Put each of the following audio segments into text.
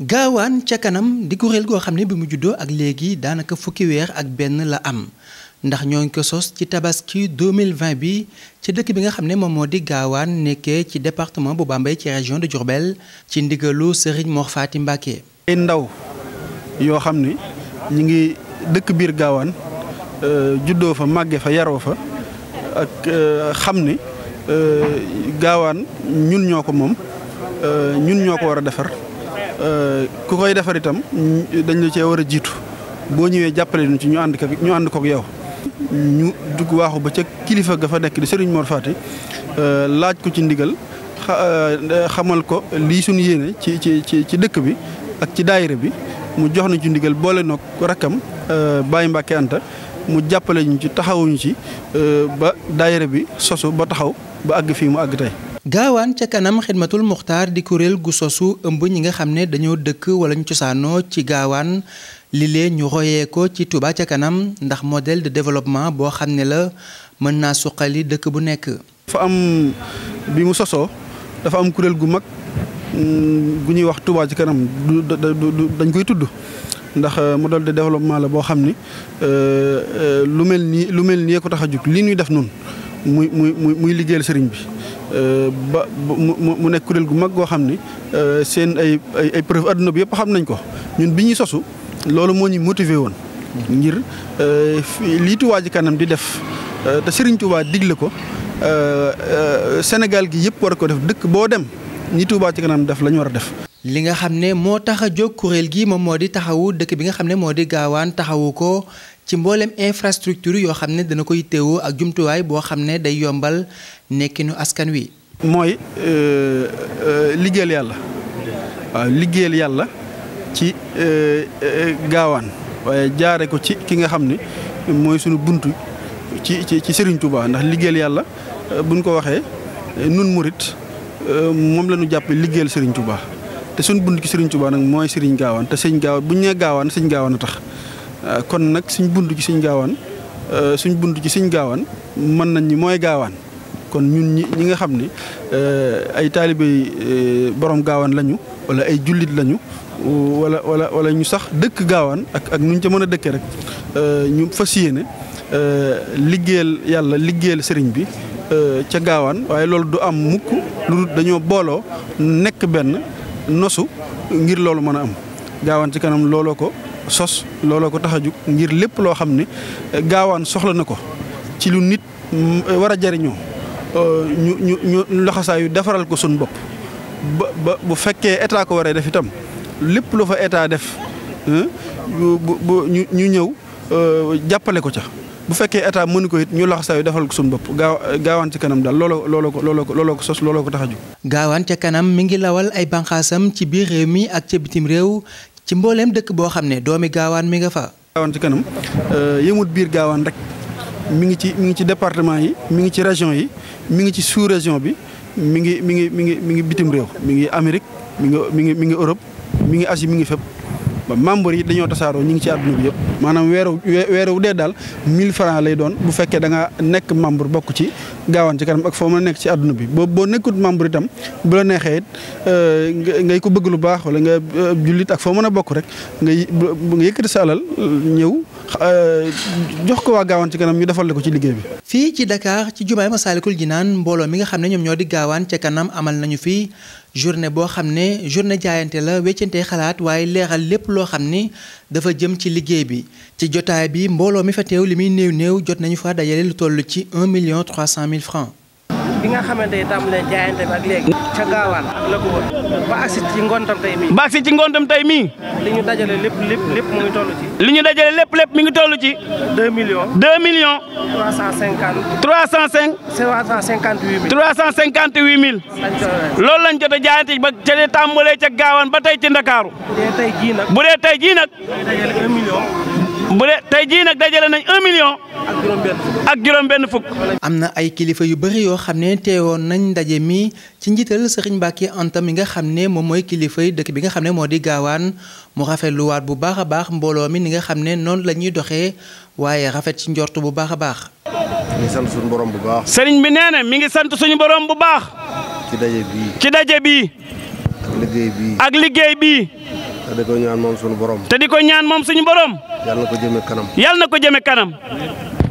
gaawaan ca kanam di kuréel goo xam ne bi mu juddoo ak léegi daanaka fukki weer ak benn la am ndax ñoo ngi ko sos ci tabaski 2020 bi ci dëkk bi nga xam ne moom moo di gaawaan nekkee ci département bu Bambey ci région de Diourbel ci ndigalu Serigne Mor Fati Mbacké ndaw yoo xam ne ñi ngi dëkk biir gaawaan euh, juddoo fa màgge fa yaroo fa ak euh, xam ne euh, gaawaan ñun ñoo ko moom ñun ñoo ko war a defar Euh, ku koy defar itam dañ la cee war a jiitu boo ñëwee jàppale nañu ci ñu ànd ko ñu ànd koog yow. ñu dugg waaxu ba ca kilifa ga fa nekk di Serigne Mor Fati euh, laaj ko ci ndigal euh, xamal ko lii suñu yéene ci ci ci ci dëkk bi ak ci daayira bi mu jox na ci ndigal boole noog rakkam Baye Mbacke Anta mu jàppale ñu ci taxawuñu ci ba daayira bi sosu ba taxaw ba àgg fii mu àgg tey. gaawaan ca kanam xidmatul muxtaar di kuréel gu sosu ëmb ñi nga xam ne dañoo dëkk wala ñu cosaanoo ci gaawaan li lee ñu royee ko ci Touba ca kanam ndax modèle de développement boo xam ne la mën naa suqali dëkk bu nekk. dafa am bi mu sosoo dafa am kuréel gu mag mm, gu ñuy wax Touba ci kanam dañ koy tudd ndax euh, modèle de développement la boo xam ni euh, euh, lu mel nii lu mel nii ko tax a jug lii ñuy def noonu muy muy muy liggéeyal sëriñ bi. Euh, ba mu nekk kuréel gu mag goo xam ni euh, seen ay ay preuve adduna bi yëpp xam nañ ko ñun bi ñuy sosu loolu moo ñu motiver woon. ngir euh, lii Touba Ca di def te Serigne Touba digle ko senegal gi yëpp war ko def dëkk boo dem ñi Touba Ca Kanam def la ñu war a def. li nga xam ne moo tax a jóg kuréel gi moom moo di taxawu dëkk bi nga xam ne moo di gaawaan taxawu ko ci mbooleem infrastructure yoo xam ne dana koy teewoo ak jumtuwaay boo xam ne day yombal nekkinu askan wi. mooy euh, euh, liggéeyal yàlla waaw liggéeyal yàlla ci euh, gaawaan waaye jaare ko ci ki nga xam ne mooy sunu bunt ci ci ci Serigne ndax liggéeyal yàlla buñ ko waxee nun murit moom la jàpp liggéeyal Serigne Touba. te suñ bunt ci sëriñ Tuubaa nag mooy sëriñ gaawaan te sëñ gaawaan bu ñu nee gaawaan sëñ gaawaan a euh, kon nag suñ bunt ci sëñ gaawaan euh, suñ bunt ci sëñ gaawaan mën nañ ñi mooy gaawaan kon ñun ñi ñi nga xam ne euh, ay taalibey borom gaawaan lañu wala ay jullit lañu wala wala wala ñu sax dëkk gaawaan ak ak nu ñu mën a dëkkee rek ñu fas yéene liggéeyal yàlla liggéeyal sëriñ bi ca gaawaan waaye loolu du am mukk lu dañoo booloo nekk benn. nosu ngir loolu mën a am gaawaan ci kanam looloo ko sos looloo ko tax a jóg ngir lépp loo xam ne eh, gaawaan soxla na ko ci lu nit mm, war a jariñoo eh, ñu ñu ñu laxasaayu defaral ko suñ bopp ba ba bu fekkee état ko waree def itam lépp loo fa état def eh, bu ñu ñëw jàppale ko ca bu fekkee état mënu ko it ñu lax saa defal ko suñu bopp gaaw gaawaan ci kanam daal looloo looloo ko looloo ko looloo ko sos looloo ko tax gaawaan ca kanam mi ngi lawal ay banqaasam ci biir réew mi ak ca bitim réew ci mbooleem dëkk boo xam ne doomi gaawaan mi nga fa. gaawaan ci kanam euh, yëmut biir gaawaan rek mu ngi ci mi ngi ci département yi mi ngi ci région yi mi ngi ci sous région bi mi ngi mi ngi mi ngi mi ngi bitim réew mi ngi Amérique mu ngi mi ngi mi ngi Europe mi ngi Asie mi ngi fépp. ba membre yi dañoo tasaaroo ñu ngi ci àdduna bi yëpp maanaam weeru weeru wu dee daal 1000 francs lay doon bu fekkee da nga nekk membre bokk ci gaawaan ci kanam ak foo mën a nekk ci àdduna bi boo boo nekkut membre itam bu la neexee it euh, ngay ko bëgg lu baax wala nga euh, jullit ak foo mën a bokk rek ngay nga yëkkati sa alal ñëw euh, jox ko waa gaawaan ci kanam ñu defal la ko ci liggéey bi. fii ci Dakar ci jumaay Masaalikul Jinaan mbooloo mi nga xam ne ñoom ñoo di gaawaan ca kanam amal nañu fii journée boo xam ne journée jaayante la weccantee xalaat waaye leexal lépp loo xam ni dafa jëm ci liggéey bi ci jotaay bi mbooloo mi fa li muy new néew jot nañu fa dajale lu toll ci 1 million trois cent mille francs bi nga xamante ni tam leen jaayante bi ak léegi. ca gaawaan ak la ko wër. ba agsi ci ngontam tey mii. ba agsi ci ngontam tey mii. li ñu dajale lépp lépp lépp mu ngi tollu ci. li ñu dajale lépp lépp mi ngi toll ci. 2 millions. 2 millions. 350. 305. 358 mille. 358 mille. loolu lañ jot a jaayante ba ca tàmbalee ca gaawaan ba tey ci Ndakaaru. bu dee tey jii nag. bu dee tey jii nag. 1 bu dee tey jii nag dajale nañ un ak juróom-benn fukk. am na ay kilifa yu bari yoo xam ne teewoon nañ ndaje mi ci njiital Serigne Mbacke Anta mi nga xam ne moom mooy kilifay dëkk bi nga xam ne moo di gaawaan mu rafetluwaat bu baax a baax mbooloo mi ni nga xam ne noonu la ñuy doxee waaye rafet ci njort bu baax a baax. mi bi nee na mi ngi sant suñu borom bu baax. ci daje ak liggéey bii. ak liggéey bii. te di ko ñaan moom suñu borom. te di ko ñaan moom suñu borom. yàlla na ko jëme kanam. yàlla na ko jëme kanam.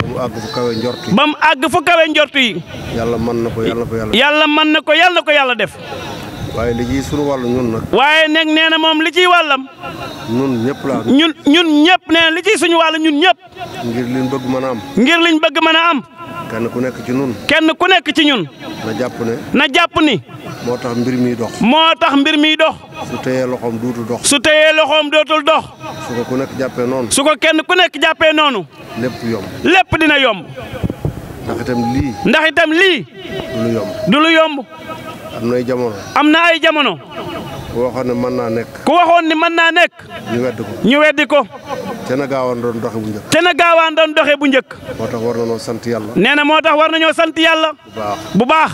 ba mu àgg fu kawe njort ba mu àgg fu kawe njort yi. yàlla mën na ko yàlla na ko yàlla. yàlla na ko yàlla ko yàlla def. waaye li ciy sunu wàll ñun nag. waaye nag nee na moom li ciy wàllam. ñun ñëpp la ñun ñun ñëpp nee na li ciy suñu wàll ñun ñëpp. ngir liñ bëgg mën am. ngir liñ bëgg mën am. kenn ku nekk ci ñun. kenn ku nekk ci ñun. na jàpp ne. na jàpp ni. moo tax mbir mi dox. moo tax mbir miy dox. su teyee loxoom dootul dox. su teyee loxoom dootul dox. su ko ku noonu. su kenn ku nekk jàppee noonu. lépp yomb. lépp dina yomb. ndax itam lii. ndax lii. du yomb. du yomb. am na ay jamono. am na ay jamono. ku waxoon ne mën naa nekk. ku waxoon ne mën na nekk. ñu weddi ko ñu weddi ko. te na gaawaan doon doxe bu njëkk. te na gaawaan doon doxe bu njëkk. moo tax war sant yàlla. nee na moo tax war nañoo sant yàlla. bu baax bu baax.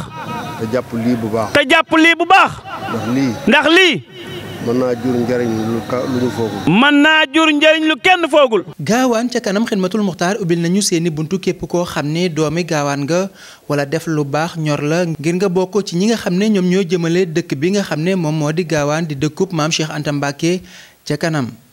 te jàpp lii bu baax. jàpp lii bu baax. ndax lii. ndax lii. mën naa jur njëriñ lu naa jur njëriñ lu kenn foogul. gaawaan ca kanam xidmatul muxtaar ubbil nañu seeni buntu képp koo xam ne doomi gaawaan nga wala def lu baax ñor la ngir nga bokk ci ñi nga xam ne ñoom ñoo jëmale dëkk bi nga xam ne moom moo di gaawaan di dëkkub maam Cheikh Anta ca kanam.